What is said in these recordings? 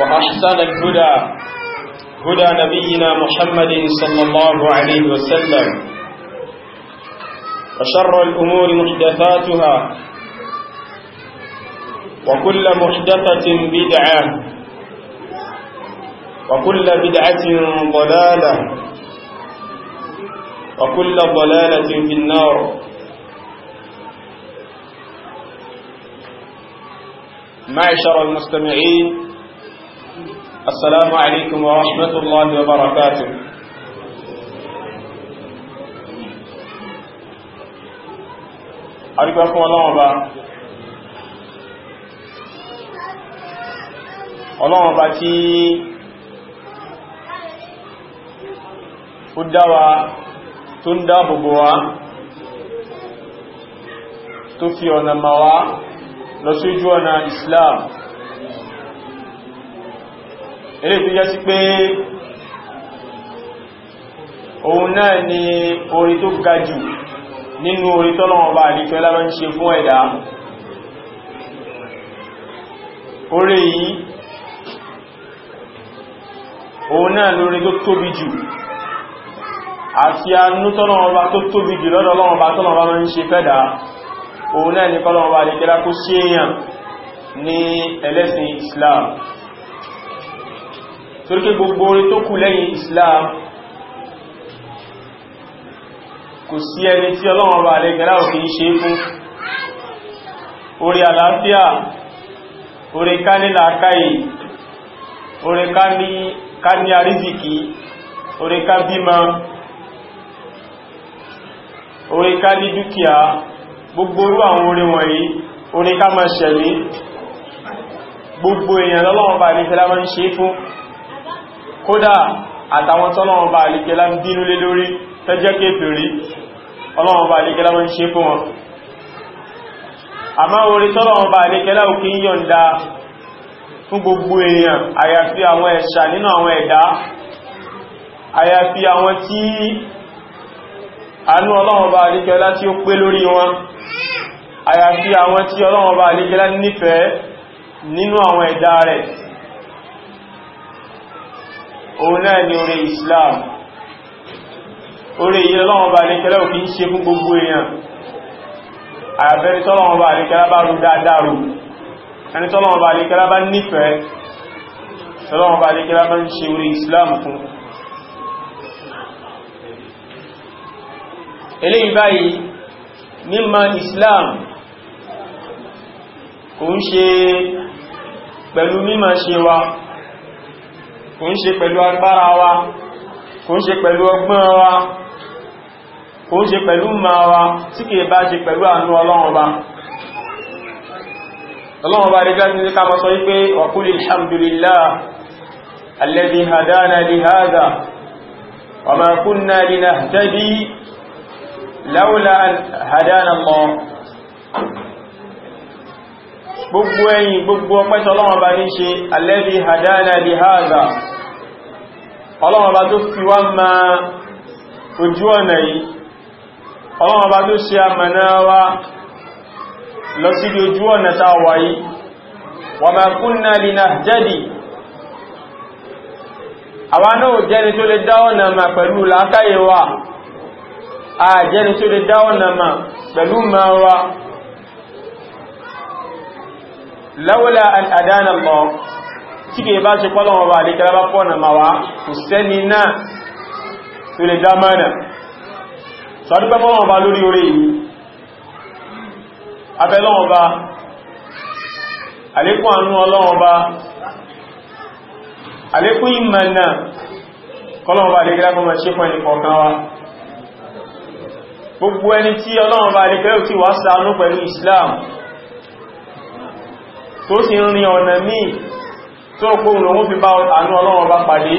وأحسن الهدى هدى نبينا محمد صلى الله عليه وسلم وشر الأمور محدثاتها وكل محدثة بدعة وكل بدعة ضلالة وكل ضلالة في النار معشر المستمعين السلام عليكم ورحمة الله وبركاته أرجوكم الله وبا الله وبا تي قدوا تندا ببوا تفيونا موا لسجونا إسلام ilé tó jẹ́ sí pé òun náà ni orí tó ga jù nínú orí tọ́lọ́wọ́n bá àdífẹ́ lábẹ́ ń ṣe fún ẹ̀dá orí yìí òun náà lórí tó tóbi jù àti anú tọ́lọ́wọ́n bá tó tóbi jù lọ́dọ̀ lọ́wọ́n ń ṣe fẹ́dà òun náà ni kọ́lọ́wọ́n bá àdífẹ́ kó sí èèyàn ní ẹlẹ́sìn Islam torí pé gbogbo orin tó kù lẹ́yìn Islam kò sí ẹni tí Ọlọ́run ọba àlẹ́gẹ́lá òkè ń ṣe fún orí àlàáfíà orí ká ní làákàyè orí ká ní àrízìkí orí ká bímọ orí ká ní dúkìá gbogbo orú àwọn orí wọ̀nyí orí ká máa ṣẹ̀lé gbogbo èèyàn lọ́lọ́run ọba àlẹ́gẹ́lá máa ń ṣe fún kódà àtàwọn tọ́lọ́wọ́n bá àlìkẹ́lá ń bínú lé lórí tẹ́jẹ́ kéfèrí ọlọ́wọ́n bá àlìkẹ́lá wọ́n ń ṣe fún wọn àmá orí tọ́lọ́wọ́n bá àlìkẹ́lá ò kí ń yọ̀nda fún gbogbo èèyàn àyàfi àwọn ẹ̀ṣà nínú àwọn ẹ̀dá àyàfi àwọn tí àánú ọlọ́wọ́n bá àlìkẹ́lá tí òun náà ni orí Islam orí yìí lọ́wọ́ bá lékẹ́lẹ́ òfin ṣe fún gbogbo èèyàn àyàfẹ́ni tọ́lọ́wọ́ bá lékẹ́lẹ́ bá rú dáadáa rú ẹni tọ́lọ́wọ́ bá lékẹ́lẹ́ bá nífẹ̀ẹ́ tọ́lọ́wọ́ bá lékẹ́lẹ́ bá ń ṣe orí Islam fún eléyìí báyìí mímọ̀ Islam kò ń ṣe pẹ̀lú mímọ̀ ṣe wa kò ń ṣe pẹ̀lú agbára wa kò ń ṣe pẹ̀lú ọgbọ́n wa kò ń ṣe pẹ̀lú ma wa tí kìí bá ṣe pẹ̀lú àánú ọlọ́run ba ọlọ́run ba rí gáàsì ní ká mọ́ sọ wípé wa qulil gbogbo ẹ̀yìn gbogbo ọpẹ́ tọ́lọ́run ba ní ṣe alladhi hadana li hadha ọlọ́wọ́n bá tó fi wá ma ojú ọ̀nà yìí ọlọ́wọ́n bá tó ṣe àmànà wa lọ sí ojú ọ̀nà tá wà yìí wa ma kunna linahtadi àwọn náà jẹ́ni tó lè dá ọ̀nà mà pẹ̀lú làákàyè a jẹ́ni tó lè dá ọ̀nà mà pẹ̀lú ma wa tí kìí bá ṣe pọ́lọ̀wọ̀ bá àdíkẹ́lá bá pọ̀nà ma wá kò sẹ́ni náà tó lè dá mọ́nà sọ adúgbẹ́ pọ́lọ̀wọ̀ bá lórí orí yìí abẹ́lọ́wọ̀ bá àlékún àánú ọlọ́wọ̀ bá àlékún ìmọ̀nà kọlọ̀wọ̀ bá àdíkẹ́lá kọ́ ṣe fún ẹnìkọ̀ọ̀kan wa gbogbo ẹni tí ọlọ́wọ̀ bá àdíkẹ́lá ti wá ṣàánú pẹ̀lú Islam tó sì ń rin ọ̀nà míì tí ó kó ìrùn fi bá àánú ọlọ́run bá pàdé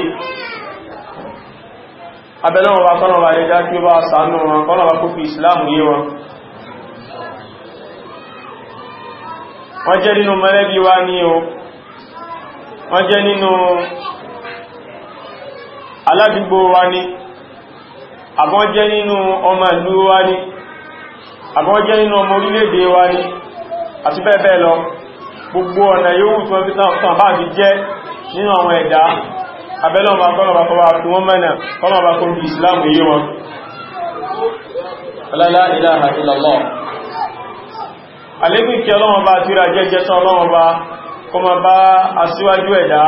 abẹ́lọ́run bá kọ́nà bá lè já kí ó bá sàánú wọn kọ́nà bá kó fi ìsìláàmù yé wọn wọ́n jẹ́ nínú mẹ́lẹ́bí wá ní o wọ́n jẹ́ nínú aládùgbò wá ní àbọ́n jẹ́ nínú ọmọ ìlú wá ní àbọ́n nínú ọmọ orílẹ̀-èdè wá ní àti bẹ́ẹ̀ bẹ́ẹ̀ lọ gbogbo ọ̀nà yóò tó bí tán bá fi jẹ́ nínú àwọn ẹ̀dá abẹ́lọ́mà kọ́lọ̀bà kọ́lọ̀bà tí wọ́n mẹ́nà kọ́lọ̀bà kọ́lù ìsìláàmù yí wọn la ilaha illallah àlékún kí ọlọ́wọ́n bá tíra jẹ́jẹ́ tán ọlọ́wọ́n bá kó ma bá aṣíwájú ẹ̀dá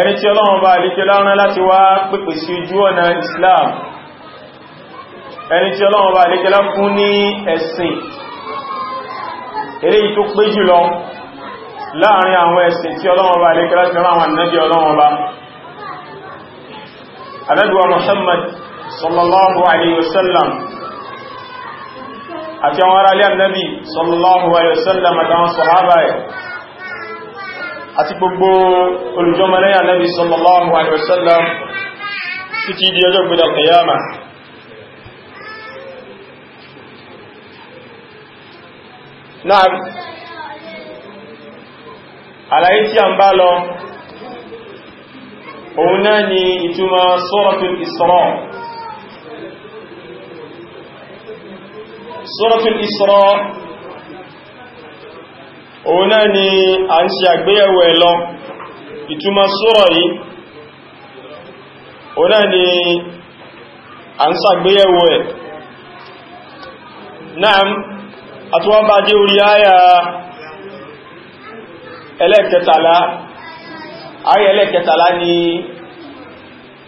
ẹni tí ọlọ́wọ́n bá àlékẹ́ lárán láti Islam ẹni tí ọlọ́wọ́n bá àlékẹ́ lá fún ní ẹ̀sìn eléyìí tó pé jùlọ láàrin àwọn ẹ̀sìn tí ọlọ́wọ́ bá lè kẹ́lá fẹ́ràn àwọn ànábì ọlọ́wọ́ bá anábíwa Muhammad sallallahu alaihi wasallam àti àwọn ará alẹ́ ànábì sallallahu alaihi wasallam àtàwọn sọ̀hábà ẹ̀ àti gbogbo olùjọmọlẹ́yìn ànábì sallallahu alaihi wasallam títí di ọjọ́ gbẹ̀dẹ̀ náà àlàyé tí a ń bá lọ òun náà ni ìtumọ̀ suratul Isra suratul Isra òun náà ni a ń ṣe àgbéyẹ̀wò lọ ìtumọ̀ sura yìí òun náà ni a ń ṣàgbéyẹ̀wò ẹ̀ àtúwọ́n bá dé orí ayà ẹlẹ́ẹ̀kẹtàlá ayà ẹlẹ́ẹ̀kẹtàlá ni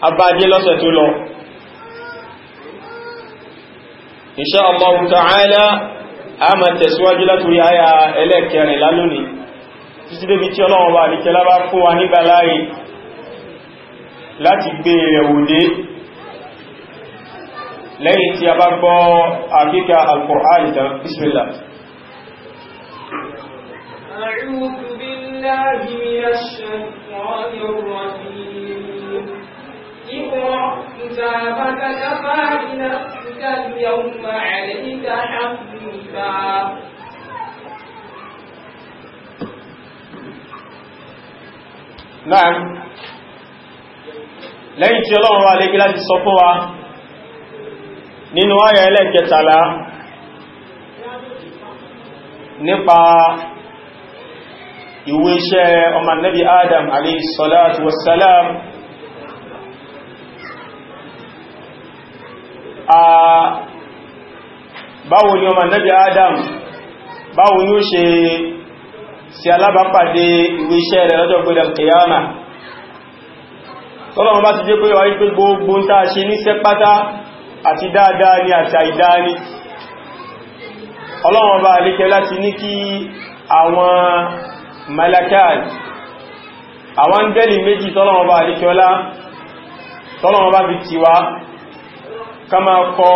abájé lọ́sẹ̀ tó lọ Insha Allah ta'ala a ma tẹ̀síwájú látorí ayà ẹlẹ́ẹ̀kẹrin lálónìí títí débi tí ọlọ́wọ́ bá ní kẹlá bá fún wa nígbà láti gbé e rẹ̀ òde lẹ́yìn tí a bá gbọ́ àkíkà alkùnrin tán bismillah أعوذ نعم lẹ́yìn tí ọlọ́run wà lè gílá ti sọ fún wa nínú ayà ẹlẹ́kẹtàlá nípa ìwé iṣẹ́ ọmọ nabi adam alayhi salatu wassalam a báwo ni ọmọ nabi adam báwo ni ó ṣe sí alábápàdé ìwé iṣẹ́ rẹ̀ lọ́jọ́ gbọ́dẹ̀ kìyàmà tọ́lọ́mọ bá ti jẹ́ pé wáyé pé gbogbo ń tàà ṣe ní sẹ́pátá àti dáadáa ni àti àìdáa ni ọlọ́wọ́n bá alékẹ́ láti ní kí àwọn malakan àwọn áńgẹ́lì méjì tọ́lọ́wọ́n bá alékẹ́ ọlá tọ́lọ́wọ́n bá fi kí wa ká máa kọ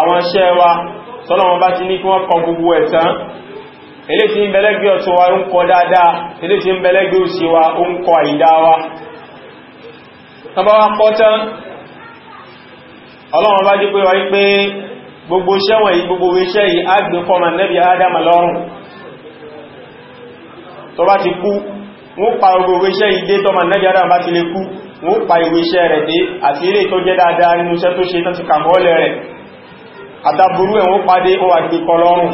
àwọn iṣẹ́ wa tọ́lọ́wọ́n bá ti ní kí wọ́n kọ gbogbo ẹ̀tán ilé tí ọlọ́run bá jí pé wáyé pé gbogbo iṣẹ́ wọ̀nyí gbogbo iṣẹ́ yìí ágbé fọ́mà nẹ́bí ádámà lọ́rùn tó bá ti kú wọ́n pa gbogbo iṣẹ́ yìí dé tọ́mà nẹ́bí ádámà bá ti lè kú wọ́n pa ìwé iṣẹ́ rẹ̀ dé àti ilé tó jẹ́ dáadáa nínú iṣẹ́ tó ṣe tán ti kàmọ́lẹ̀ rẹ̀ àtàbúrú ẹ̀ wọ́n padé ó wà gbé kọlọ́rùn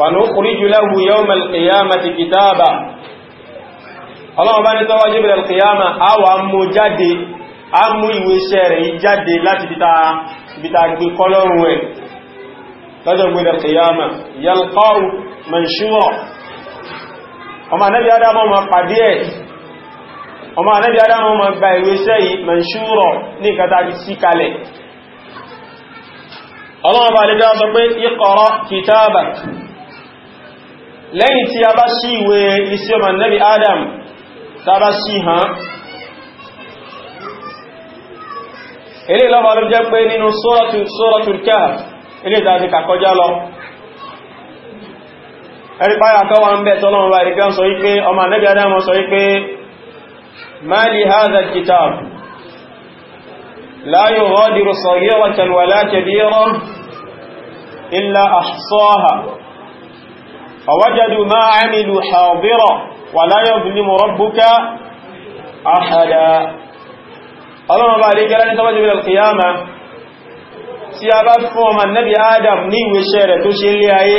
ونخرج له يوم القيامة كتابا ọlọ́run bá ní tọ́wọ́ jíbìlì alkiyama a wà mú jáde a mú ìwé iṣẹ́ rẹ̀ jáde láti bíta gbé kọlọ́run ẹ̀ lọ́jọ́ gbé alkiyama yalqau manshura ọmọ anẹ́bí adámọ́ ma pàdé ẹ̀ ọmọ anẹ́bí adámọ́ ma gba ìwé iṣẹ́ yìí manshura ní ìkàtà sí kalẹ̀ ọlọ́run bá lè dá sọ pé iqra kitabak lẹ́yìn tí a bá ṣí ìwé iṣẹ́ ọmọ nẹ́bí Adam tá bá ṣí hàn ilé lọ́wọ́ ló jẹ́ pé nínú Suratul Kahf ilé ìdájí kàkọjá lọ ẹ̀rí páyà kọwà ń bẹ̀ tọ́lọ́run bá ìrìkẹ́ sọ wípé ọmọ nẹ́bí Adam sọ wípé ma ووجدوا ما عملوا حاضرا ولا يظلم ربك أحدا ọlọ́run bá rí gẹ́rẹ́ ní tọ́bájú ilẹ̀ kìyàmá tí a bá fún ọmọ nẹ́bí adam ní ìwéṣẹ́ rẹ̀ tó ṣe lé ayé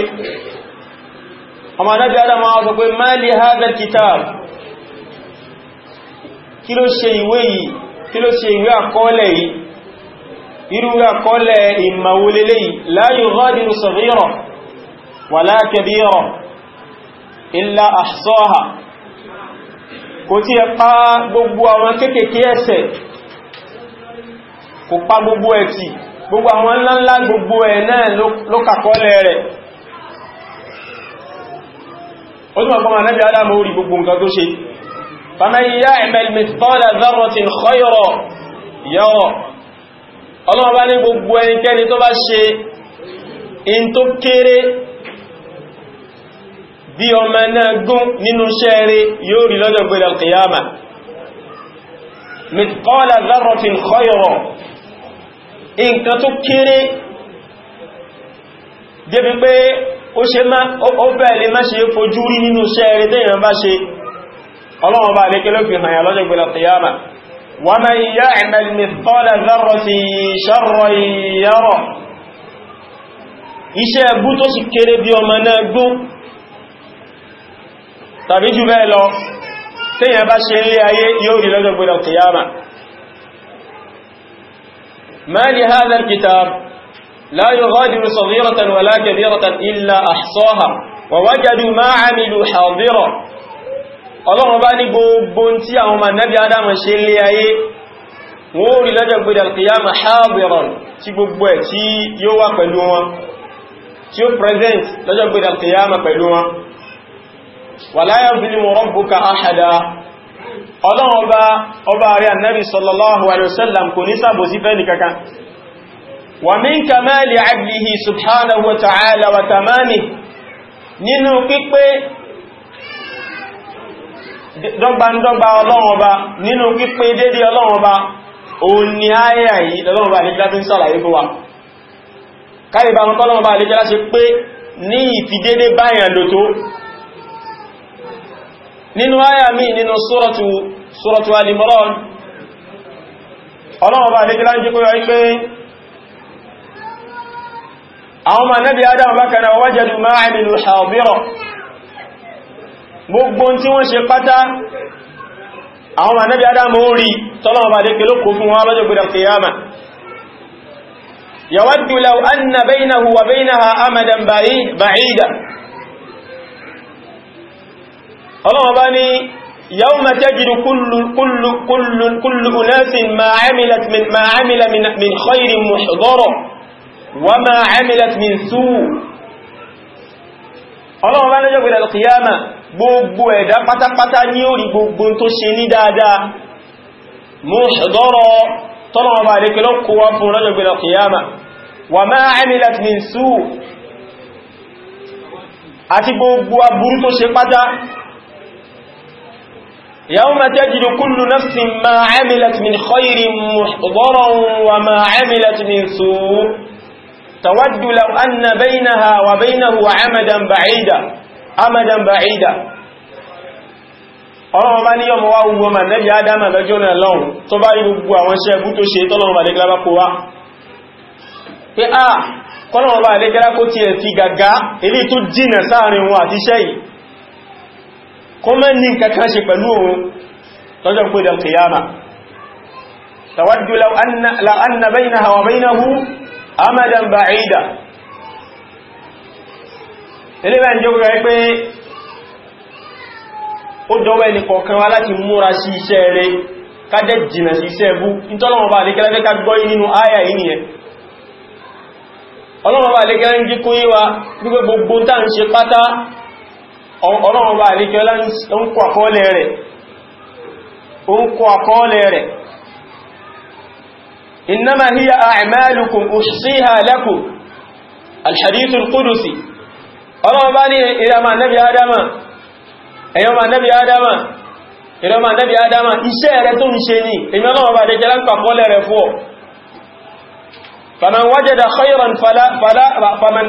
ọmọ nẹ́bí adam wọ́n sọ pé ma li hadha kitab kí ló ṣe ìwé yìí kí ló ṣe ìwé àkọọ́lẹ̀ yìí irú àkọọ́lẹ̀ ìmàwólélé yìí la yughadiru saghira ولا كبيرة إلا أحصاها kò tí ẹ pa gbogbo àwọn kéèkéé ẹ̀ṣẹ̀ kò pa gbogbo ẹ̀ tí gbogbo àwọn ńláńlá gbogbo ẹ̀ náà ló kàkọọ́lẹ̀ rẹ̀ ó túnmọ̀ kọmọ̀ náà bí adámọ̀ orí gbogbo nǹkan ní gbogbo ẹnikẹ́ni tó bá ṣe in tó kéré bí ọmọ náà gún nínú ṣẹ́ẹ̀rẹ́ yóò rí lọ́jọ́ gbẹ̀rẹ̀ alkiyama mithqala dharratin khayran nǹkan tó kéré débi pé ó ṣe má ó bẹ́ẹ̀ lè má ṣe fojú rí nínú ṣẹ́ẹ̀rẹ́ tẹ́yàn bá ṣe ọlọ́wọ́ bá lè kélé fi hàn yà iṣẹ́ ẹgbú tó sì kéré bí ọmọ náà gún tàbí jù bẹ́ẹ̀ lọ tíyàn bá ṣe ilé ayé yóò rí lọ́jọ́ gbọ́dọ̀ kìyàmà ma li hadha al-kitab la yughadiru saghiratan wala kabiratan illa ahsaha wa wajadu ma amilu hadira ọlọ́run bá ní gbogbo tí àwọn mànàbí adáma ṣe ilé ayé wọ́n rí lọ́jọ́ gbọ́dọ̀ kìyàmà wà pẹ̀lú wọn tí present lọ́jọ́ gbọ́dọ̀ kìyàmà pẹ̀lú wọn wala yazlimu rabbuka ahada ọlọ́run ọba ọba rẹ̀ annabi sallallahu alaihi wasallam kò ní sàbò sí fẹ́ wa min kamali abdihi subhanahu wa ta'ala wa tamami nínú pípé dọ́gbandọ́gba ọlọ́run ọba nínú pípé dédé ọlọ́run ọba òun ni ayà yìí lọ́lọ́run ọba nínú àyà mi nínú suratu suratu Al-Imran ọlọ́wọ́ba àdékílá ń jí kó yọ ipé àwọn ọmọ anábi adam bákaná wajadu máa àmìlù ṣàbírọ̀ gbogbo tí wọ́n ṣe pátá àwọn ọmọ anábi adam ó rí tọ́lọ́wọ́ba àdékílá kò fún ọlọ́wọ́ bá ní yawma tajidu kullu unasin ma amila min khairin muhdara wa ma amilat min suu ọlọ́wọ́ bá lọ́jọ́ gbẹ̀rẹ̀ alkiyama gbogbo ẹ̀dá pátápátá ní orí gbogbo tó ṣe ní dáadáa muhdara tọ́lọ́wọ́ bá lè kẹlọ́ kó wá fún lọ́jọ́ gbẹ̀rẹ̀ alkiyama wa يوم تجد كل نفس ما عملت من خير محضرا وما عملت من سوء تود لو أن بينها وبينه عمدا بعيدا أمدا بعيدا ọlọ́run bá ní ọmọ wá ugbọ́ ma nẹ́bí adama lọ́jọ́ náà lọ́run tó bá rí gbogbo àwọn iṣẹ́ ẹgbú tó ṣe tọ́lọ́run bá lẹ́gbẹ́ lápò wá pé a ah, kọ́lọ́run bá lẹ́gbẹ́ lápò tí ẹ̀ fi gàgá èlé tó jìnà sáàrin wọn àti iṣẹ́ yìí kó mẹ́ ní kankan ṣe pẹ̀lú òun lọ́jọ́ gbọ́dọ̀ kìyàmà tawaddu law anna baynaha wa baynahu amadan ba'ida ilé bá ń jẹ́ gbogbo pé ó dọ́wọ́ ẹni kọ̀ọ̀kan wá láti múra sí iṣẹ́ rẹ̀ kájẹ́ jìnà sí iṣẹ́ ẹbú nítọ́lọ́wọ́ bá lékẹ́lẹ́ ọlọ́run bá àríkẹ́ ọlá ń kọ àkọọ́lẹ̀ rẹ̀ ó ń kọ àkọọ́lẹ̀ rẹ̀ innama hiya a'malukum uhsiha lakum alhadithul qudusi ọlọ́run bá ní ìrama nabi adama ẹ̀yọ́ma nabi adama ìrama nabi adama iṣẹ́ rẹ̀ tó ń ṣe ní ìmẹ́lọ́wọ́ فمن وجد خيرا فلا فلا فمن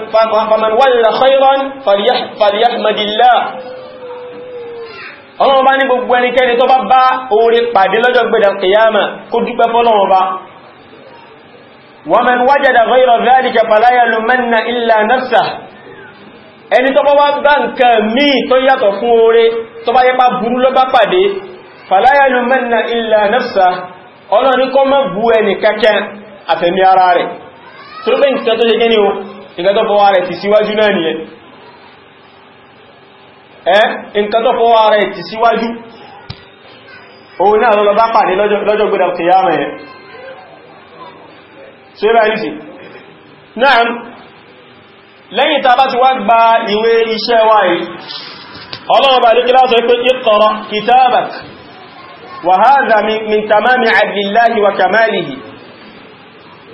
فمن وجد خيرا فليح فليحمد الله ọlọ́run bá ní gbogbo ẹnikẹ́ni tó bá bá oore pàdé lọ́jọ́ gbẹ̀dẹ̀ kìyàmà kó dúpẹ́ fọ́lọ́run bá wa man wajada ghayra dhalika fala yalumanna illa nafsah ẹni tó bá bá nǹkan míì tó yàtọ̀ fún oore tó bá yẹpa burú ló bá pàdé fala yalumanna illa nafsah ọlọ́run kọ́ mọ́ bu ẹni àtẹ̀mí ara rẹ̀ tó lópin nǹkan tó ṣe kí ni o nǹkan tó fọwọ́ rẹ̀ ti síwájú náà nìyẹn ẹ́ nǹkan tó fọwọ́ rẹ̀ ti síwájú òun náà lọ bá pàdé lọ́jọ́ gbé al-qiyāmah yẹn ṣe bá yìí wa yìí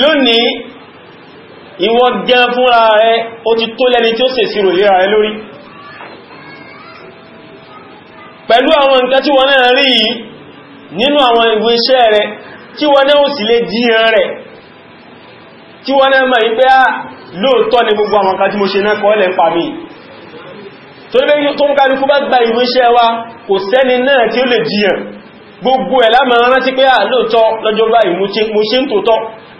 lónìí ìwọ gan fúnra rẹ ó ti tó lẹ́ni tí ó ṣèṣirò lera rẹ lórí pẹ̀lú àwọn nǹkan tí wọ́n náà rí yìí nínú àwọn ìwé iṣẹ́ rẹ tí wọ́n náà sì lè jíyàn rẹ̀ tí wọ́n náà mọ̀ ìpé à ah, lóòtọ́ ni gbogbo àwọn kan tí mo ṣe náà kọ́ lẹ́ pa mí tó ní pé tó ń kárí kú bá gba ìwé iṣẹ́ wa kò sẹ́ni náà tí ó lè jíyàn gbogbo ẹ̀ lámàá rántí pé à ah, lóòtọ́ lọ́jọ́ báyìí mo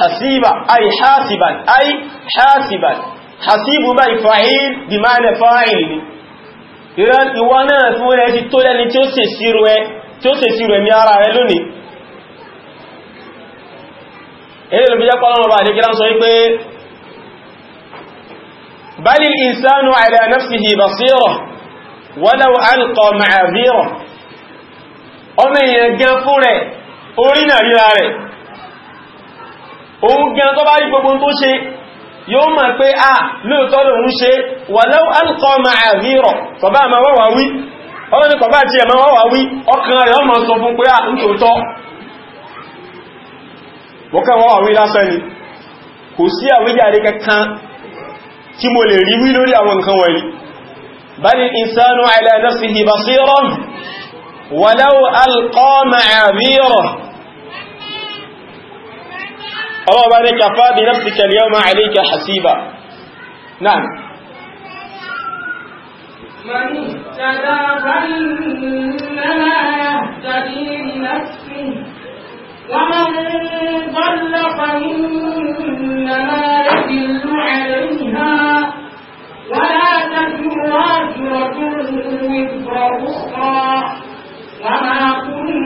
حسيبا أي حاسبا أي حاسبا حسيب ما فاعل بمعنى فاعل إذن إوانا فولا يتولى أن تسيروا ميارا هلوني إذن لم يقل الله بعد كلام صحيح بل الإنسان على نفسه بصيرة ولو ألقى معاذيره أمين يجفره أولينا بلا òun gan tó bá rí gbogbo tó ṣe yóò mọ̀ pé à lóòtọ́ lòun ṣe walau alqa ma'azira kọ̀bá àmà wọ́wà wí ọwọ́ ni kọ̀bá àti ẹ̀mà wọ́wà wí ọkàn rẹ̀ ọmọ sọ fún pé à ń tòótọ́ wọ́kàn wọ́wà wí lásán ni kò sí àwíjàre kankan tí mo lè rí wí lórí àwọn nǹkan wọ̀nyí bali insanu ala ọwọ́ bá ní kàfá اليوم عليك حسيبا نعم من اهتدى فإنما يهتدي لنفسه ومن ضل فإنما يضل عليها ولا تزر واجرة وزر أخرى وما كنا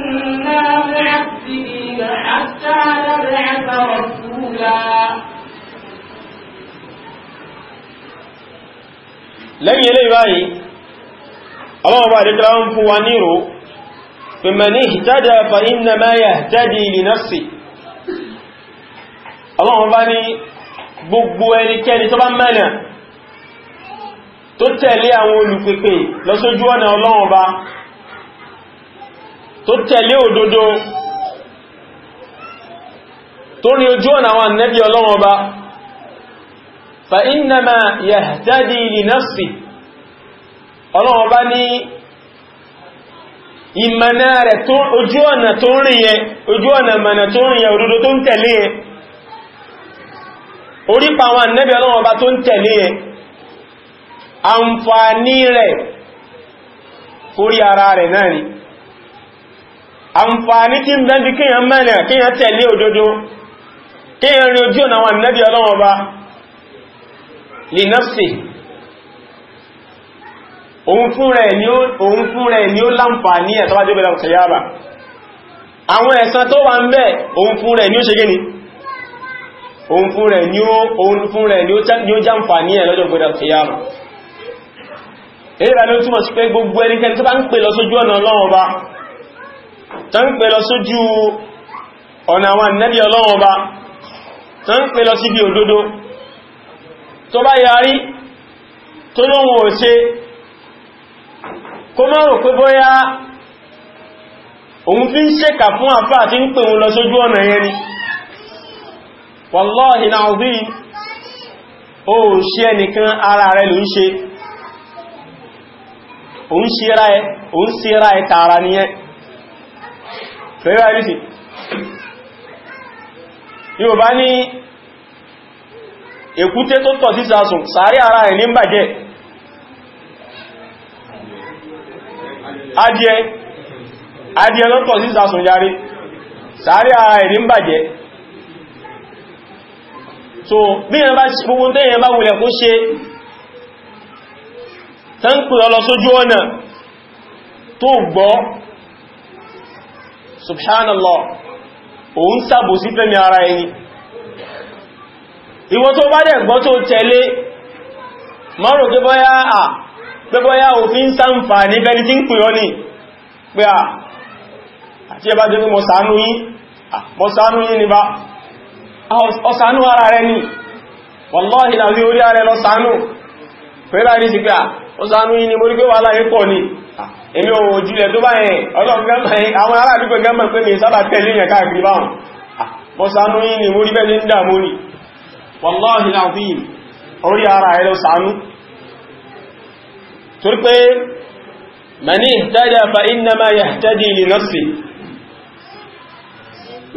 lẹ́yìn ilé báyìí ọlọ́ọ̀bá àdíkọ́lá ń fún wa nírò pẹ̀mẹ̀ní ìtàdà fa inna ma yahtadi li nafsi ọlọ́ọ̀bá ní gbogbo ẹnikẹ́ni tó bá mẹ́nà tó tẹ̀lé àwọn olùpèpè lọ́sójú ọ̀nà ọlọ́ọ̀bá ọlọ́ọ̀bá فإنما يهتدي لنفسه ọlọ́wọ́ bá ní ìmọ̀nà rẹ̀ ojú ọ̀nà tó ń rìn yẹn ojú ọ̀nà mọ̀nà tó ń rìn yẹn òdodo tó ń tẹ̀lé yẹn orípa ọlọ́wọ́ bá tó ń tẹ̀lé yẹn àǹfààní rẹ̀ fórí ara rẹ̀ náà ni àǹfààní tí ń bẹ́ndì kíyàn mẹ́rin kíyàn tẹ̀lé kíyàn rí ọlọ́wọ́ bá lè náfsì òun fún rẹ̀ ni ó láǹfààní ẹ̀ tọ́wàjú bẹ̀rẹ̀ ọ̀tẹ̀yàbà àwọn ẹ̀san tó wà ń bẹ̀ òun fún rẹ̀ ni ó ṣe gíní òun fún rẹ̀ ni ó jàǹfààní ẹ̀ lọ́jọ́ bẹ̀rẹ̀ ọ̀tẹ̀yàbà èyí ló túnmọ̀ sí pé gbogbo ẹnikẹ́ni tó bá ń pè lọ sójú ọ̀nà Ọlọ́run Ọba tó ń pè lọ sójú ọ̀nà àwọn ànábì Ọlọ́run Ọba tó ń pè lọ síbi òdodo tó bá yarí tó lóhun ò ṣe kó má rò pé bóyá òun fi ń ṣẹ́kà fún àfáà tí ń pè òun lọ sójú ọ̀nà yẹn ni wallahi na'udhin ó ṣe ẹnìkan ara rẹ̀ ló ń ṣe òun ṣe ra ẹ tààrà ni ẹ fẹ́rẹ́ yóò bá ní èkúté tó tọ̀ sísàsùn sàárì ara ẹ̀ ní bàjẹ́ adìẹ adìẹ ló tọ̀ sísàsùn yarí sàárì ara ẹ̀ ní bàjẹ́ so bí yẹn bá gbogbo tẹ́yẹn bá wulẹ̀ kó ṣe tẹ́ǹkù lọ sójú ọ̀nà tó gbọ́ subhanallah òun sàbòsí fẹ́mi ara ẹni ìwọ tó bá dẹ̀ gbọ́ tó tẹ̀lé márùn pé bọ́yá à pé bọ́yá òfin sáǹfà ní bẹni tí ń pè ọ́ ní pé à àti ẹbá jẹ́ pé mọ̀ sánú yí mọ̀ sánú yí ni bá ọsánú ara rẹ ni wallahi láti orí ara lọ sánú pẹ̀lá ní sí pé à ọsánú yí ni mo rí pé wà láyé pọ̀ ni èmi ò jílẹ̀ tó bá yẹn ọlọ́gbẹ̀mọ̀ wallahi alazim orí ara ẹ̀lọ sànú torí pé mani ihtada fa innama yahtadi li nafsi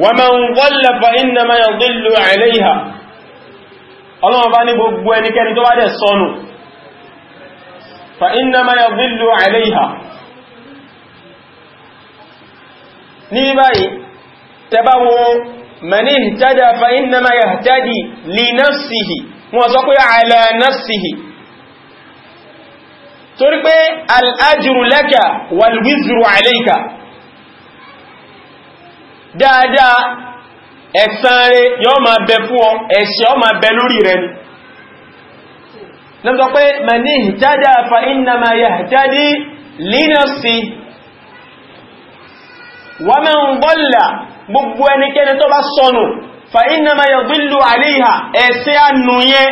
wa man dhalla fa innama yadhillu alayha ọlọ́wọ́ bá ní gbogbo ẹnikẹ́ni tó bá dẹ̀ sọnù fa innama yadhillu alayha ní báyìí tẹ́bá wo mẹ́ni ìtàdà fa'ínàmà yà tàdì lè náfsìhì wọ́n sọ pé àlà náfsìhì torí pé al'ajuru lẹ́kà wàlwizuru àlẹ́kà dáadáa ẹ̀san rẹ̀ yóò máa bẹ fún ọ ẹ̀ṣẹ̀ ó máa bẹ lórí rẹ̀ ni lọ́pọ̀ pé mẹ́ni gbogbo ẹnikẹ́ni tó bá sọnù fa innama yadhillu alayha ẹ̀ṣẹ̀ ànú yẹn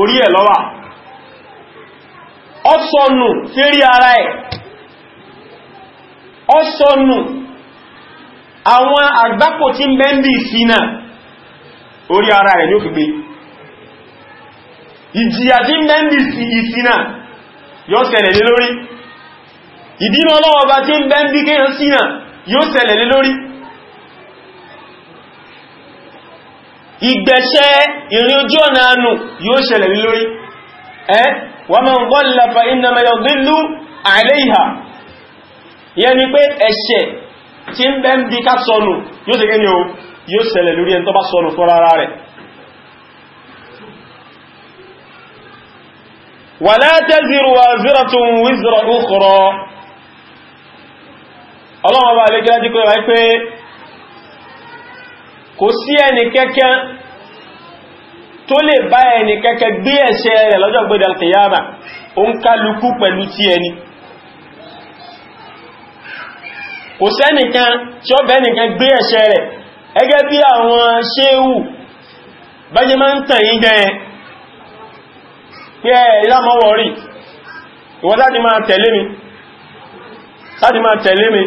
orí ẹ̀ lọ́wà ọ sọnù sérí ara ẹ̀ ọ sọnù àwọn àgbákò tí ń bẹ́ndì ìsinà orí ara rẹ̀ ní òfìgbé ìjìyà tí ń bẹ́ndì ìsinà yóò ṣẹlẹ̀ lé lórí ìdínà ọlọ́wọ́ bá tí ń bẹ́ndì kéyàn sínà ìgbẹ̀ṣẹ́ ìrìn ojú ọ̀nà anù yóò ṣẹlẹ̀ lórí ẹ́ wa man dalla fa innama yadillu alayha ìyẹn ni pé ẹ̀ṣẹ̀ tí ń bẹ́ ń bí ká sọnù yóò ṣe gẹ́ni o yóò ṣẹlẹ̀ lórí ẹni tó bá sọnù fún rẹ̀ kò sí ẹni kẹ́kẹ́ tó lè bá ẹni kẹ́kẹ́ gbé ẹ̀ṣẹ̀ rẹ̀ lọ́jọ́ gbẹ́dẹ̀ alkiyama o ń kálukú pẹ̀lú tí ẹni kò sẹ́nìkan tí ó bẹ́nìkan gbé ẹ̀ṣẹ̀ rẹ̀ ẹgẹ́ bí àwọn ṣéhù bẹ́jẹ́ máa ń tàn yí jẹ́ pé ìlàmọ́wọ̀ rí ìwọ́n láti máa tẹ̀lé mi láti máa tẹ̀lé mi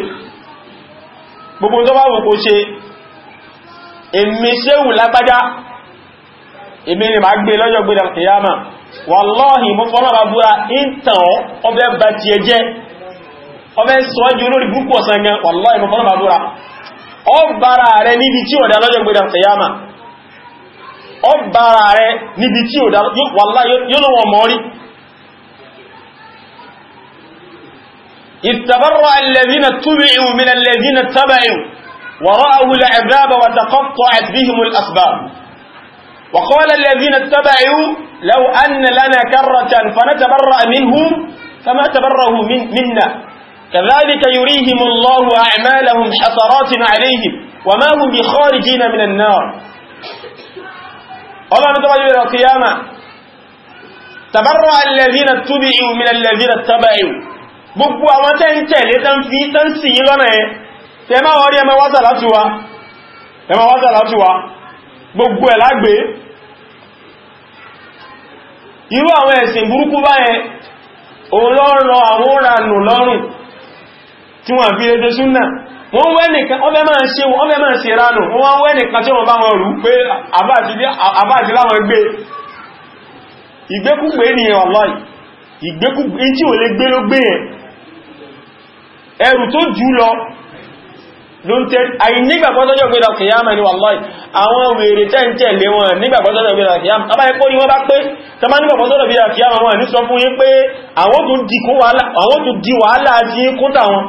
gbogbo tó bá wù kó ṣe èmi ṣéwù lágbájá èmi ni máa gbé lọ́jọ́ gbé dàkìyàmà wàláhì mọ́ fọ́nà bá búra ìntàn ọbẹ̀ bá ti ẹjẹ́ ọbẹ̀ sọ́jú olórí búkú ọ̀sán gan wàláhì mọ́ fọ́nà bá búra ọ bára rẹ níbi tí ò dá lọ́jọ́ gbé dàkìyàmà ọ bára rẹ níbi tí ò dá wàláhì yóò lọ wọn tubi iwu alladhina tubi'u min taba iwu. ورأوا العذاب وتقطعت بهم الأسباب وقال الذين اتبعوا لو أن لنا كرة فنتبرأ منهم فما تبرأوا من منا كذلك يريهم الله أعمالهم حسرات عليهم وما هم بخارجين من النار الله نتبع إلى القيامة تبرأ الذين اتبعوا من الذين اتبعوا بقوا وتنتهي تنفي تنسي لنا tẹ máa wọ́n rí ẹmọ wátà láti wá gbogbo ẹ̀ lágbé irú àwọn ẹ̀sìn burúkú báyẹn òun lọ́rọ̀ àwọn òrànù lọ́rùn tí wọ́n fi lédé súnnà wọ́n wẹ́ nìkan ọbẹ̀ máa ṣe wọ́n bẹ́ máa ṣe ránù wọ́n wẹ́ nìkan tí ẹrù tó jù lọ lóńtẹ́ àì nígbàgbọ́sọ́jọ́ gbẹ́dà kìyàmà ni wàláì àwọn wèrè tẹ́ǹtẹ́ lè wọn nígbàgbọ́sọ́jọ́ gbẹ́dà kìyàmà ọba ẹ̀kọ́ ni wọ́n bá pé tọ́mà nígbàgbọ́sọ́jọ́ gbẹ́dà kìyàmà wọn ní sọ fún yín pé àwọn tó di wàhálà sí kún tàwọn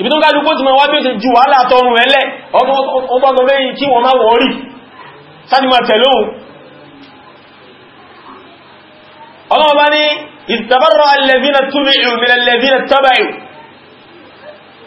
ibi tó kájú kó ti ma wá bí ó ti ju wàhálà tọrùn ẹlẹ́ ọgbọ́gbọ́ lẹ́yìn kí wọ́n má wọ́n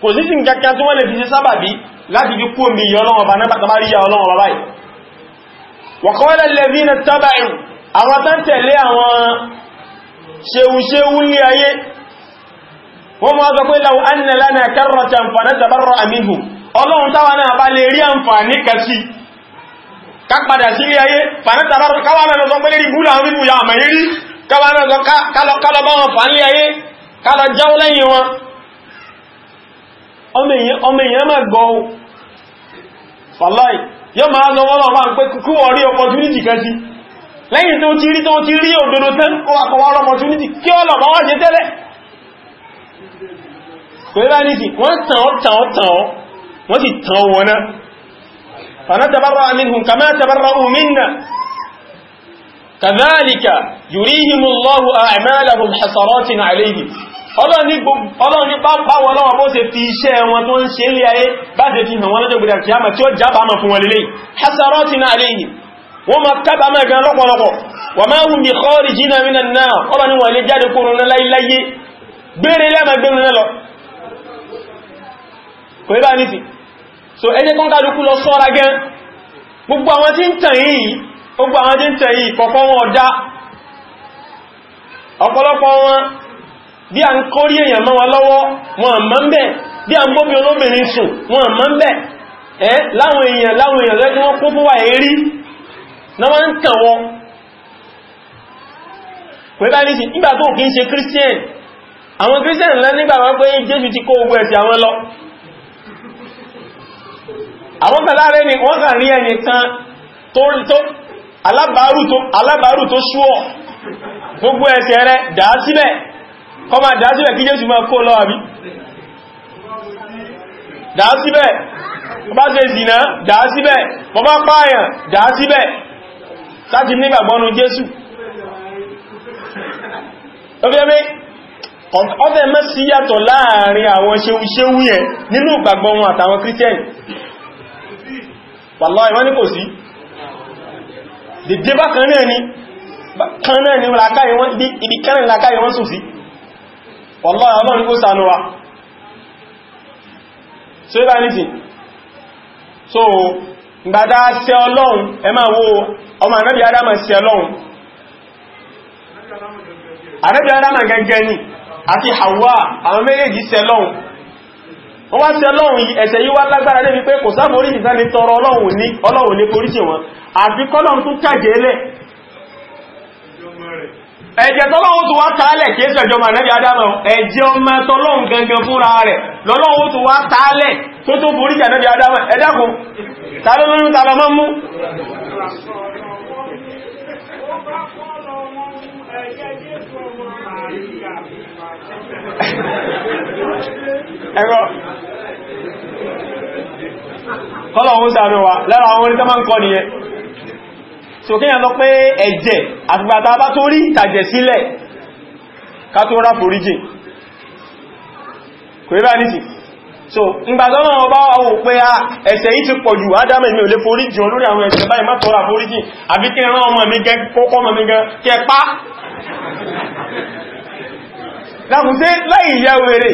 kò sí sí nǹkankan tí wọ́n lè fi ṣe sábàbí láti fi kú omi ìyọ́ ọlọ́wọ́ bá náà tàbí ìyà ọlọ́wọ́ bá báyìí waqala alladhina taba'u àwọn tán tẹ̀lé àwọn ṣeunṣeun ní ayé wọ́n mọ́ sọ pé law anna lana karratan fanatabarra'a minhum ọlọ́run táwa náà bá lè rí àǹfààní kàtí kápadà sí ayé fanatabarra'a káwà ọmọ èèyàn máa gbọ́ o wàláì yọ máa lọ wọ́n máa ń pẹ́ kúkú ọ̀rí opportunity kan sí lẹ́yìn tó ti rí tó ti rí òdodo tán ó wà kọwàá opportunity kí ọlọ̀ bá wá فنتبرأ منهم كما تبرأوا منا كذلك يريهم الله أعمالهم حسرات عليهم ọlọ́run ní pápá wọn lọ́wọ́ bó ṣe fi iṣẹ́ wọn tó ń ṣe ilé ayé bá ṣe fi hàn wọn lọ́jọ́ gbẹ̀dẹ̀ kìyàmà tí ó jábà mọ̀ fún wọn lélẹ̀ hasaratina alayhim wọ́n ma kábà mọ̀ gan lọ́pọ̀lọpọ̀ wa ma hum bi kharijina lè jáde kúrò so ẹjẹ́ kan kálukú lọ sọ́ra gan gbogbo àwọn tí ń tàn yìí gbogbo àwọn ọ̀pọ̀lọpọ̀ wọn bí a ń kórí èèyàn mọ́ wọn lọ́wọ́ wọn mọ́ ń bẹ̀ bí a ń bóbi olóbìnrin sùn wọn mọ́ ń bẹ̀ ẹ́ láwọn èèyàn láwọn èèyàn lẹ́gbẹ́ wọ́n kún fún wà èrí náà wọ́n ń kàn wọn pẹ̀lá ní sí nígbà tó kìí ṣe christian àwọn christian lẹ́ nígbà wọ́n pé jésù ti kó ogun ẹ̀sì àwọn lọ àwọn kan láàrẹ́ ni wọ́n kàn rí ẹni tán tó alábàárù tó ṣúọ̀ gbogbo ẹ̀sẹ̀ rẹ̀ dàá síbẹ̀ kọ ma dá síbẹ̀ kí Jésù máa kó lọ àbí dá síbẹ̀ bọ́ bá ṣe zìnà dá síbẹ̀ bọ́ bá pààyàn dá síbẹ̀ láti nígbàgbọ́nú Jésù ọbẹ̀ẹ́bẹ́ ọbẹ̀ mẹ́ sí yàtọ̀ láàrin àwọn ṣeúṣeú yẹn nínú ìgbàgbọ́ wọn àtàwọn kírísítẹ́nì wàláhì wọ́n ní kò sí dìde bá kan náà ni lákàyè wọ́n sùn sí wallahi ọlọ́run kó sànú wa so ibá ní ti so gbádá sí ọlọ́run ẹ máa wo ọmọ anábi adama sí ọlọ́run anábi adama gẹ́gẹ́ ni àti Hawa àwọn méjèèjì sí ọlọ́run wọ́n wá sí ọlọ́run ẹ̀ṣẹ̀ yìí wá lágbára débi pé kò sáàmórí ìsá ní tọrọ ọlọ́run ní oríṣi wọn àfi kọ́lọ́run tún kàjẹ́ lẹ̀ ẹ̀jẹ̀ tọ́lọ́wọ́ tó wá tààlẹ̀ é ṣẹ̀jọ́ ma nẹ́bí adámọ̀ ẹ̀jẹ̀ ọmọ tọ́lọ́wọ́ gangan fúnra rẹ̀ lọ́lọ́wọ́ tó wá tààlẹ̀ tó tó borí jà nẹ́bí adámọ̀ ẹ̀dàkùn tààlẹ́ lórí tààlẹ́ mọ́ mú ẹ̀rọ kọ́lọ̀ òun sàánú wa lára àwọn onítọ́ máa ń kọ́ nìyẹn so kíyàn lọ pé ẹ̀jẹ̀ àtìgbàtà bá tó rí ìtàjẹ̀ sílẹ̀ ká tó rá foríjì kò rí so pé a ah, ẹ̀ṣẹ̀ yìí ti pọ̀jù ádámẹ̀ mi ò lè foríjì olórí àwọn ẹ̀ṣẹ̀ báyìí má tọ́ra foríjì àbí kí ẹran ọmọ mi gẹ kọ́kọ́ ọmọ mi gẹ kẹ pa láì ìyá wèrè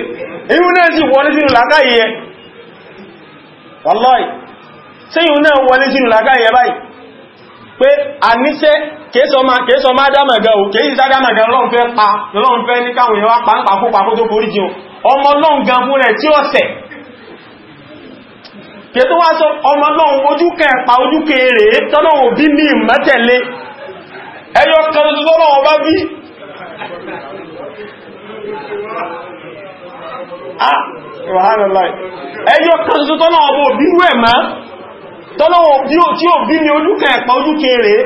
pé a níṣẹ́ kéèsọ má dámàgà ò kéèsì sádámàgà lọ́n fẹ́ pa lọ́n fẹ́ ní káwọn èèyàn pa ń tó ọmọ lọ́n gan fún rẹ̀ tí ọ̀sẹ̀ kéètò wá sọ ọmọ lọ́n ojúkẹ́ pa ojúkẹ́ rẹ̀ tọ́lọ́wọ̀ bí tọ́lọ́wọ́ tí ó bí ní olúkẹ̀ ẹ̀pọ̀ olúkẹ̀ rẹ̀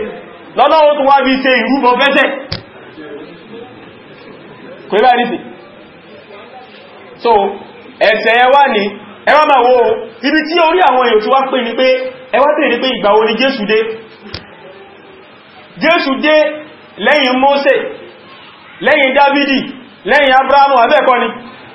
lọ́lọ́wọ́ tó wá bí ṣe ìrúbọ fẹ́sẹ̀ pẹ̀lá ní sí so ẹ̀sẹ̀ ẹwà ní ẹwà máa wo ibi tí orí àwọn èèyàn tí wá pè ní pé ẹwà tèrè pé ìgbà wo ni Jésù dé Jésù dé lẹ́yìn Mósè lẹ́yìn Dávidi lẹ́yìn Abrahamu abẹ́ẹ̀kọ́ ni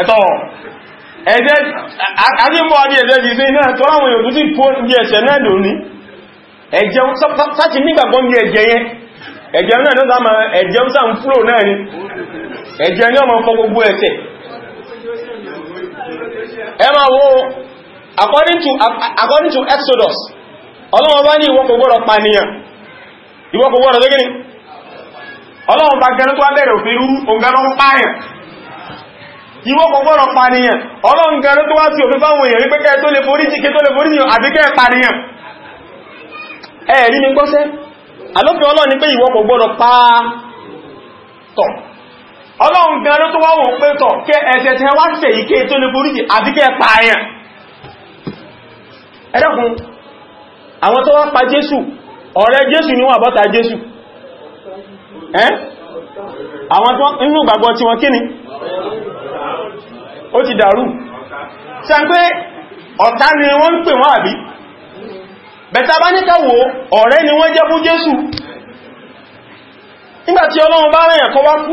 ẹ̀tọ́ ẹ̀jẹ́ àdímọ̀ àdí ẹ̀jẹ́ jìdí náà tó ráwọn èèyàn tó sì kó ní ẹ̀ṣẹ̀ náà lò ní ẹ̀jẹ́ sáti nígbàgbọ́ ní ẹ̀jẹ́ yẹn ẹ̀jẹ́ náà lọ́ta ma ẹ̀jẹ́ ń sáà ń fúrò náà ni ẹ̀jẹ́ ní ọmọ fọ gbogbo ẹ̀ṣẹ̀ ẹ máa wo according to according to Exodus ọlọ́wọ́ bá ní ìwọ kò gbọ́dọ̀ pànìyàn ìwọ kò gbọ́dọ̀ ọlọ́run bá gẹ́lú tó wá bẹ̀rẹ̀ òfin rúrú òǹgẹ́lọ́ ń pààyàn ìwọ́ kọ̀gbọ́rọ̀ pàníyàn ọlọ́run gẹ́lú tó wá sí òfin fáwọn èèyàn wípé kẹ́ tó lè forí jíké tó lè forí yàn àbí kẹ́ pàníyàn ẹ̀rí mi gbọ́sẹ́ alófin ọlọ́run ni pé ìwọ́ kọ̀gbọ́rọ̀ pàátọ̀ ọlọ́run gẹ́lú tó wá wò pé tọ̀ kẹ́ ẹsẹ̀ tẹ́ wá sẹ̀ ike tó lè forí yàn àbí kẹ́ pàníyàn ẹ̀dẹ́kun àwọn tó wá pa Jésù ọ̀rẹ́ Jésù ni wọ́n àbọ́ta Jésù Eh? àwọn tó inú gbàgbọ́ tí wọ́n kíni ó ti dàrú ṣe pé ọ̀tá ni wọ́n ń pè wọ́n àbí bẹ̀ta bá níkàwò ọ̀rẹ́ ni wọ́n jẹ́ fún Jésù nígbàtí Ọlọ́run bá rẹ̀yàn kọ wá kú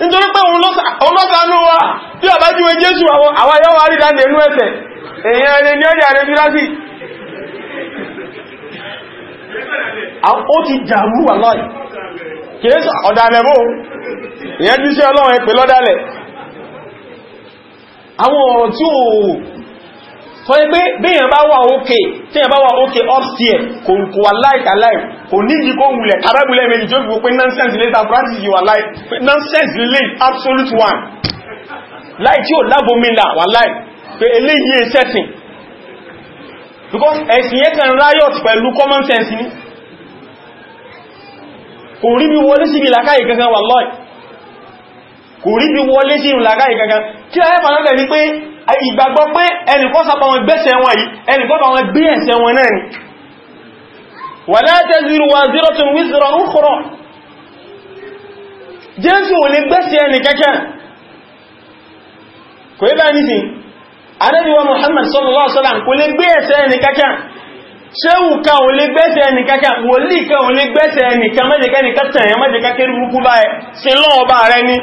nítorí pé olóṣàánú wa tí a bá jíwe Jésù àwọn àwáyọ́wà àrídáde inú ẹsẹ̀ èyàn ẹni ní ọjà rẹ̀ fílásì ó ti jàrú wà lọ́ì kìí ọ̀dàlẹ̀bó ìyẹn tí sí ọlọ́run ẹ pè lọ́dàlẹ̀ àwọn ọ̀rọ̀ tí ó tó yẹ pé bíyàn bá wà òkè tíyàn bá wà òkè upstairs kò wà láìka láì kò níjì kó wulẹ̀ arábìlẹ̀ méjì tó gbogbo pé nonsense later practice you are like nonsense late absolute one láì tí ò lábòmílà wà láì pé eléyìí sẹ́sìn because ẹ̀sìn yẹ́ kan riot pẹ̀lú common sense ni kò rí bí wọlé sí ìlàkáyì gangan wà lọ́ì kò rí bí wọlé sí ìlàkáyì gangan kí láyé fàánà pẹ̀lú pé ìgbàgbọ́ pé ẹnìkan sápa wọn gbẹ́sẹ̀ wọn yìí ẹnìkan bá wọn gbé ẹ̀ṣẹ̀ wọn náà ni wà láti zíru wa zíru tún wí zíru ọkùrọ̀ jésù ò lè gbẹ́sẹ̀ ẹnì kẹ́kẹ́ kò yí bá nìsìn adẹ́bíwa muhammad sallallahu alaihi wasallam kò lè gbé ẹ̀ṣẹ̀ ẹnì kẹ́kẹ́ ṣéwù ká ò lè gbẹ́sẹ̀ ẹnì kẹ́kẹ́ wòlíì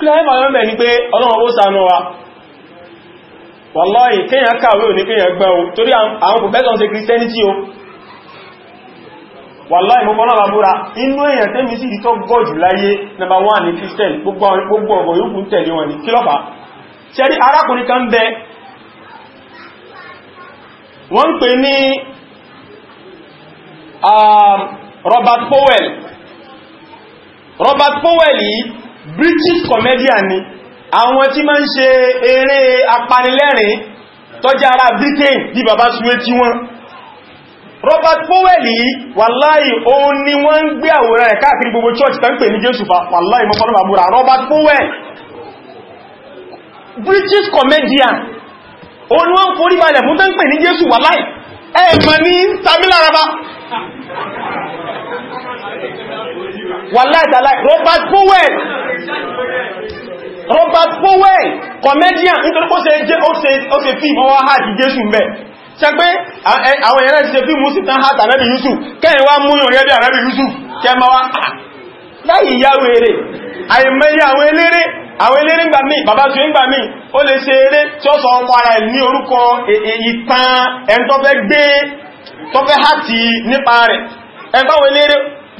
kílẹ̀ẹ́fà yọ́n bẹ̀ ní pé ọlọ́run ó ṣàánú wa wàláhì kíyàn kàwé ò ní kíyàn gbẹ́ o torí àwọn pòfẹ́sọ̀ ṣe Christianity o wàláhì mọ́ fọ́nà bàbúra inú èyàn tẹ́mi sí ìtọ́ gọ́jù láyé number one ní Christian gbogbo ọ̀gọ̀ yóò tẹ̀lé wọn ní kílọ́pà ṣẹ́rí arákùnrin kan bẹ wọ́n ń pè ní um, Robert Powell Robert Powell yìí British comedian ni àwọn tí máa ń ṣe eré apanilẹ́rin tó ara Britain bí bàbá suwé tí wọ́n Robert Powell yìí wàláì òun ni wọ́n ń gbé àwòrán ẹ̀ káàkiri gbogbo church tán pè ní Jésù wàláì mọ́fọ́lọ́bàbúra Robert Powell British comedian òun wọ́n forí balẹ̀ fún tán pè ní Jésù wàláì ẹ̀ẹ̀mọ̀ ní tamilaraba Wallahi Tallahi Robert Powell Robert Powell comedian nítorí pọ́ ṣe jẹ́ ó ṣe ọwọ́ hajji Jésù mẹ́ pé àwọn ẹ̀rẹ́ ti ṣe sí tán Yusuf kẹ́yìn wá mú yàn rẹ́bí Ànábì Yusuf kẹ́mọ́ wá ah, láyìí ya eré àìmẹ́yà àwọn eléré àwọn eléré ń gbà mí bàbá tí ń gbà mí ó lè ṣe eré tí ó sọ ọkọ̀ ara ní orúkọ e, e, ìtàn ẹn gbé hàtì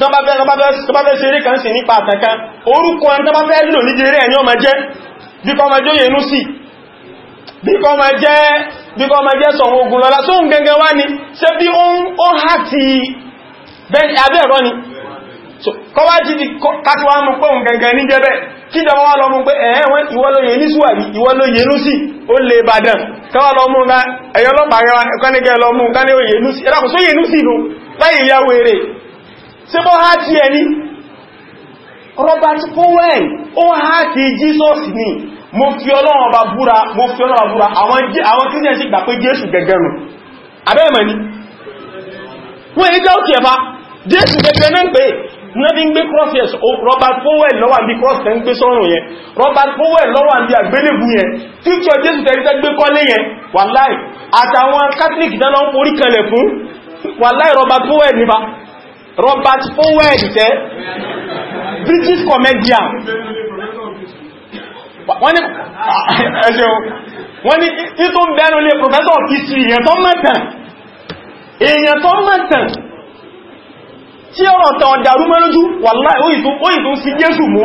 tọ́bá fẹ́ ṣeré kan sí nípa àtànkan orúkọ ẹni tọ́bá fẹ́ lò ní jẹrẹ ẹni ọmọ jẹ́ bíkọ́ ọmọ jẹ́ yẹnú sí bíkọ́ ọmọ jẹ́ sọ̀wọ́n ogun lọ́lá tó ń gẹngẹ wá ní ṣe bí ó há ti ni kọwá ti di kátíwá mú pé òun gẹngẹ ní jẹ́bẹ̀ kí jẹ wọ́n lọ mú pé ẹ̀ẹ́wọ́n ìwọ́lóyè ní súwàrí ìwọ́lóyè ní sí ó lè bàdàn kọwá lọ mú ẹ̀yọ́lọ́pàá ẹ̀kọ́nigẹ́ lọ mú kánẹ́ ní sí ṣe bọ́ há kí ẹni Robert Powell ó há kí Jesus ni mo fi Ọlọ́run ọba búra mo fi Ọlọ́run ọba búra àwọn Christian sì gbà pé Jésù gẹ́gẹ́rùn abẹ́ẹ̀mọ̀ ni wọ́n èyí dáwọ́ kí ẹ̀fà Jésù gẹ́gẹ́ náà pé nọ́bí ń gbé Robert Powell lọ́wà bí cross tẹ́ ń gbé sọ́rùn yẹn Robert Powell lọ́wà bí àgbélébù yẹn Catholic dáná ń forí kanlẹ̀ fún wàláì Robert Powell nípa Robert Owen tẹ́ British comedian wọ́n ní ẹ̀ṣẹ́ wọ́n ní títún bẹ́nu lé professor of history èyàn tó mẹ́tàn èyàn tó mẹ́tàn tí ọ̀rọ̀ tàn dàrú mẹ́lójú wà láì ó ìtún sí Jésù mú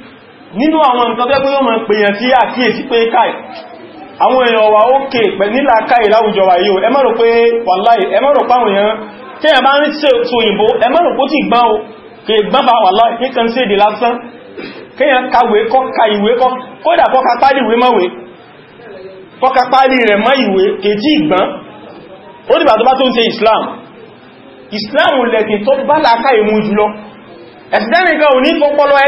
nínú àwọn nǹkan tó pé yóò máa pèèyàn tí àkíyèsí pé káì àwọn èèyàn wà ókè pẹ̀ nílà káì láwùjọ wà yíò ẹ má rò pé wàláì ẹ má rò pé àwọn èèyàn tí ẹ bá ń ṣe ètò òyìnbó ẹ má rò pé ó ti gbọ́n o kè gbọ́n bá wàláì nìkan sí èdè lásán kéèyàn kàwé kọ́ ka tí ìgbọ́n ó dìbà tó bá tó ń Islam Islam lẹ̀sìn tó bá làákàyè mu jùlọ ẹ̀sìn tẹ́nìkan ò ní fọpọlọ ẹ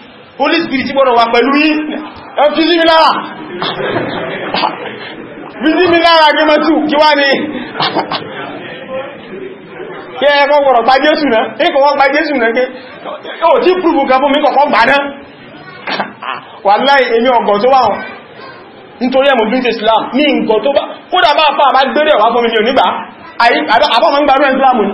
holy spirit gbọ́dọ̀ wà pẹ̀lú yí ẹ fi sí mi lára fi sí mi lára gẹ́mọ́ tù kí wá ní kí ẹ kọ́ gbọ́dọ̀ pa jésù náà ikọ̀ wọ́n pa jésù náà kí o tí púrùbù kan fún mi kọ̀kọ́ gbà náà wà láì èmi ọgọ̀ tó wà nítorí ẹmù bí islam ní ǹkan tó bá kódà bá fà bá gbẹ́rẹ̀ wá fún mi ní onígbà àbọ́ mọ́ ń gbàrú ẹ̀sìlámù ni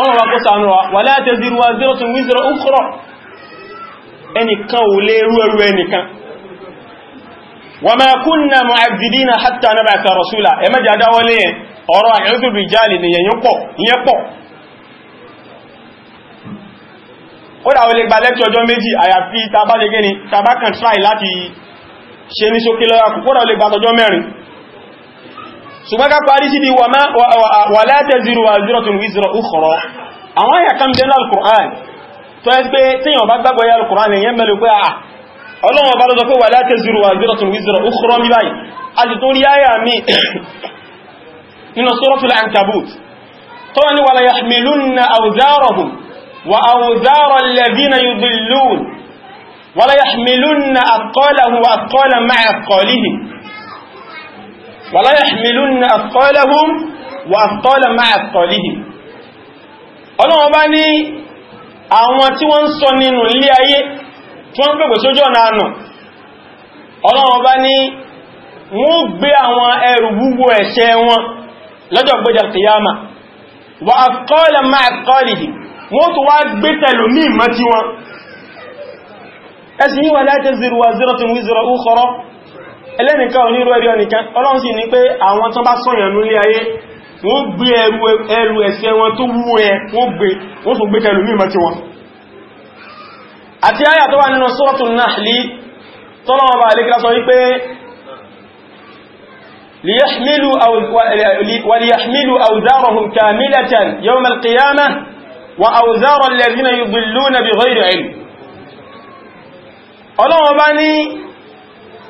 ọmọ bá kó sànú wa wà láti zíru wa zero tún wízero ókúrọ̀ ẹnìkan ò lè rú ẹrú ẹnìkan wà máa kún na mọ̀ àbìdí na hátà na bàtà rasúlà ẹ mẹ́jà dáwọlé yẹn ọ̀rọ̀ àyẹ́dù rìjáàlì ni yẹn pọ̀ yẹn pọ̀ ó dà wọlé gba lẹ́tí ọjọ́ méjì ṣùgbọ́n ká parí sí bí wà látẹ́zìrò àzírọ̀tún wízírọ̀ òkọ̀rọ̀ àwọn àyà kan jẹ́ al-Qur'an tó ẹ́ pé tíyàn bá gbàgbọ́ ya al-Qur'an èyàn mẹ́lú pé àà ah, ọlọ́wọ́ bá lọ́sọ pé wà látẹ́zìrò àzírọ̀tún wízírọ̀ òkọ̀rọ̀ mi báyìí a ti tó rí àyà mi nínú suratul wala yahmilunna athqalahum wa athqala ma'a athqalihim ọlọ́wọ́ bá ní àwọn tí wọ́n ń sọ nínú ilé ayé tí wọ́n pẹ̀pẹ̀ sójú ọ̀nà ànà ọlọ́wọ́ bá ní wọ́n gbé àwọn ẹrù gbogbo ẹ̀ṣẹ̀ wọn lọ́jọ́ gbọ́jà kìyàmà wa athqala ẹlẹ́nìkan onírú ẹ̀rí ọ̀nìkan ọlọ́run sì ní pé àwọn tán bá sọ̀yàn nílé ayé wọ́n gbé ẹrù ẹ̀ṣẹ̀ wọn tó wúwo ẹ wọ́n gbé wọ́n tó gbé tẹ̀lú mímọ̀ tí wọn àti àyà tó wà nínú sọ́ọ̀tún Nahli tọ́lọ́wọ́ bá ní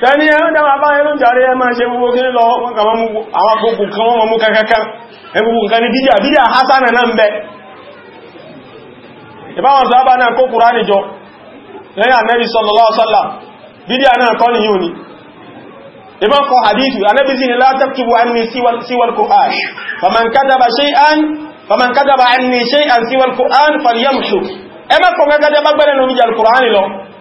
kẹni ẹ̀rùn dáwà bá ẹ̀rùn jàrí ẹ máa ṣe gbogbo kí lọ wọ́n kà wọ́n mú àwọn gbogbo kan wọ́n mú kankankan ẹgbogbo nǹkan ni bídíà bídíà hasana náà ń bẹ ìbáwọn sọ́ọ́bá náà kó Kùránì jọ lẹ́yìn Ànábì sallallahu alaihi wasallam bídíà náà kọ́ ni yóò ni ìbọn kọ hadithu Ànábì sí ni la taktubu anni siwal Qur'an faman kadaba shay'an faman kadaba anni shay'an Qur'an falyamshu ẹ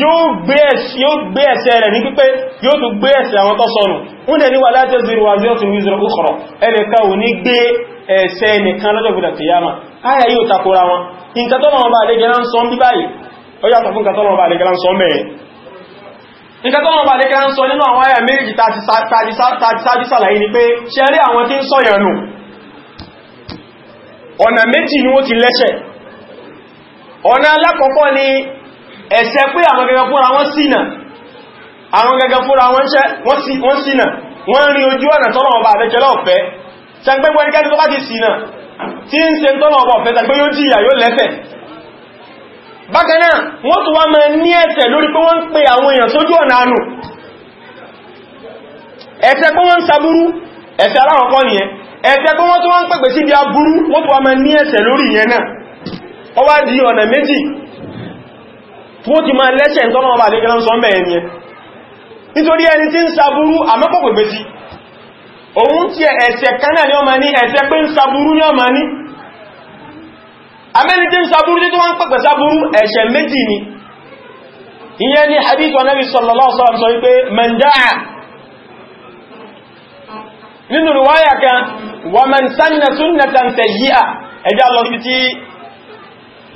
yóò gbé ẹ̀ṣẹ̀ rẹ̀ ní pípé yóò tún gbé ẹ̀ṣẹ̀ àwọn tó sọnù oúnjẹ ní wà láti ẹ̀sẹ̀ ìrùwà zíọ́tù wíṣọ́ òkọ̀rọ̀ ẹnìkan ò ní gbé ẹ̀ṣẹ̀ nìkan lọ́jọ́ gbọ́dọ̀ kìyàmà ayà yóò takora wọn nǹkan tọ́nà ọba àdẹ́gẹ́lá ń sọ bí báyìí ó yàtọ̀ fún nǹkan tọ́nà ọba àdẹ́gẹ́lá ń sọ mẹ́rin nǹkan tọ́nà ọba àdẹ́gẹ́lá ń sọ nínú àwọn ayà méjì tàbí sáájú ni pé ṣe rí àwọn ọ̀nà alákọ̀ọ́kọ́ ni ẹ̀ṣẹ̀ pé àwọn gẹ́gẹ́ fúnra wọn ṣìnà àwọn gẹ́gẹ́ fúnra wọn ṣìnà wọ́n rí ojú ọ̀nà tọ́nà ọba àbẹ́kẹ́lọ́ ọ̀fẹ́ sẹ́gbẹ́gbẹ́ ẹnikẹ́ni tó bá ti ṣìnà tí ń ṣe tọ́nà ọba ọ̀fẹ́ sẹ́gbẹ́ yóò jìyà yóò lẹ́ṣẹ̀ bákan wọ́n tó wá mẹ́ ní ẹ̀ṣẹ̀ lórí pé wọ́n pe àwọn èèyàn sójú ọ̀nà àánú ẹ̀ṣẹ̀ pé wọ́n saburú ẹ̀ṣẹ̀ aláwọ̀kọ́ nìyẹn ẹ̀ṣẹ̀ pé wọ́n tó wá ń pẹ̀pẹ̀ sí ibi aburú wọ́n lórí ìyẹn náà di ọ̀nà wọ́n ti máa lẹ́ṣẹ̀ ìtọ́nà ọba àdékẹ́lá ń sọ mẹ́ ẹni ẹ nítorí ẹni tí ń sàbúrú àmọ́pọ̀pọ̀ gbé sí òun tí ẹ̀ṣẹ̀ kanáà ni ọmọ ní ẹ̀ṣẹ̀ pé ń sàbúrú ní ọmọ ní amẹ́ni tí ń sàbúrú tí wọ́n pẹ̀pẹ̀ sàbúrú ẹ̀ṣẹ̀ méjì ni ìyẹn ni hadith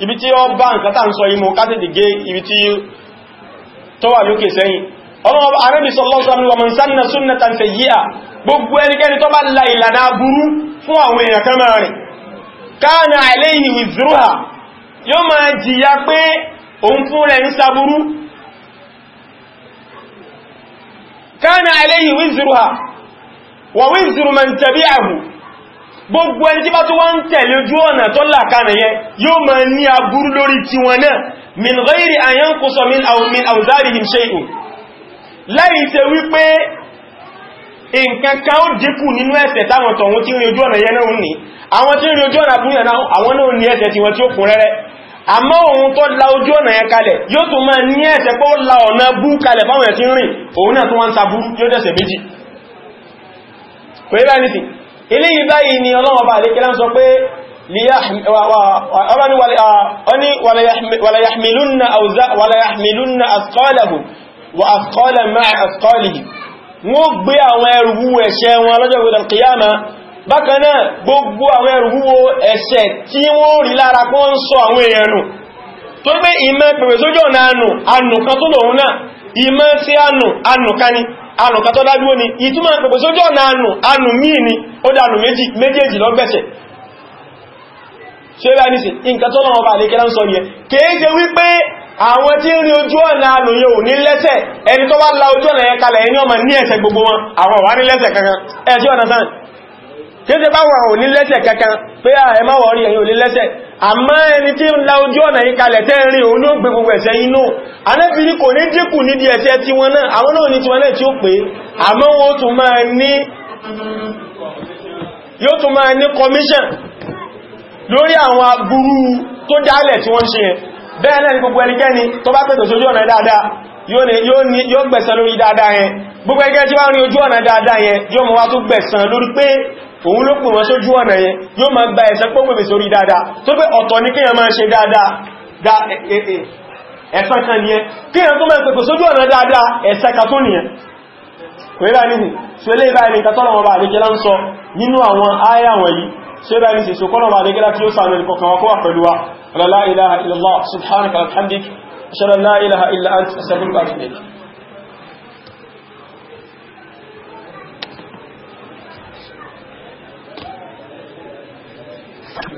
ibi tí ó bá nǹkan tàà ń sọ imú kátẹ̀dì gé ibi tí tó wà lókè sẹ́yìn ọlọ́wọ́ Ànábì sallallahu alaihi wa man sanna sunnatan sayyi'ah gbogbo ẹnikẹ́ni tó bá la ìlànà burú fún àwọn èèyàn kan máa rìn kana alayhi wizruha yóò máa jìyà pé òun fún rẹ̀ ń gbogbo ẹni tí bá tó wọ́n tẹ̀lé ojú ọ̀nà tó làkànà yẹn yóò ma ní agbúrú lórí ti wọn náà min ghairi an yanqusa min awzarihim shay'un láì ṣe wípé nǹkan kan ó dínkù nínú ẹ̀ṣẹ̀ táwọn tọ̀hún tí rí ojú ọ̀nà yẹn náà ní àwọn tí rí ojú ọ̀nà búrú yẹn àwọn náà ní ẹ̀ṣẹ̀ tí wọ́n tí ó kún rẹ́rẹ́ àmọ́ òun tó la ojú ọ̀nà yẹn kalẹ̀ yóò tún máa ní eléyìí báyìí ni ọlọ́wọ́ bá àlékẹ́lá ń sọ pé wàlàyàmìlúnà àskọ́lẹ̀hù wà àskọ́lẹ̀ máa àskọ́lìhì wọ́n gbé àwọn ẹrùwú ẹ̀ṣẹ̀ wọn lọ́jọ́ ìdàlkìyàmá bákan náà gbogbo àwọn ẹrùwú ẹ̀ṣẹ̀ tí wọ́n rí lára kó ń sọ àwọn èèyàn nù tó gbé ìmẹ́ pẹ̀rẹ̀ anùkà tó dájúwó ni ìtumọ̀ pẹ̀pẹ̀ sójú ọ̀nà anu anu míì ni ó meji méjèèjì lọ́gbẹ̀ṣẹ̀ ṣe bá ní sí nǹkan tó lọ́wọ́ bá lè kẹ́lá ń sọ ní ẹ kéèkéé wípé àwọn tí ń rí ojú ọ̀nà anù yóò ní la oju ọ̀nà yẹn kalẹ̀ ẹni ọmọ ní ẹsẹ̀ gbogbo wọn kankan kankan a ma àmọ́ ẹni tí ń la ojú ọ̀nà yìí kalẹ̀ tẹ́ rí òun ló gbé gbogbo ẹ̀ṣẹ̀ inú anẹ́bìnrin kò ní dínkù nídìí ẹ̀ṣẹ̀ tí wọn náà àwọn náà ní tí wọn náà tí ó pé àmọ́ wọ́n tún máa ní yóò tún máa ní commission lórí àwọn aburú tó dálẹ̀ tí wọ́n ṣe yẹn bẹ́ẹ̀ náà ni gbogbo ẹnikẹ́ni tó bá pẹ̀tọ̀ sójú ọ̀nà dáadáa yóò gbẹ̀san lórí dáadáa yẹn gbogbo ẹgẹ́ tí òun ló pè wọ́n sójú ọ̀nà yẹn yóò máa gba ẹ̀sẹ̀ pọ́pẹ̀bẹ̀ sórí dáadáa tó pé ọ̀tọ̀ ní kíyàn máa ṣe dáadáa ẹ̀sẹ̀ kan nìyẹn kíyàn tó máa pẹ̀pẹ̀ sójú ọ̀nà dáadáa ẹ̀sẹ̀ kan tó nìyẹn kò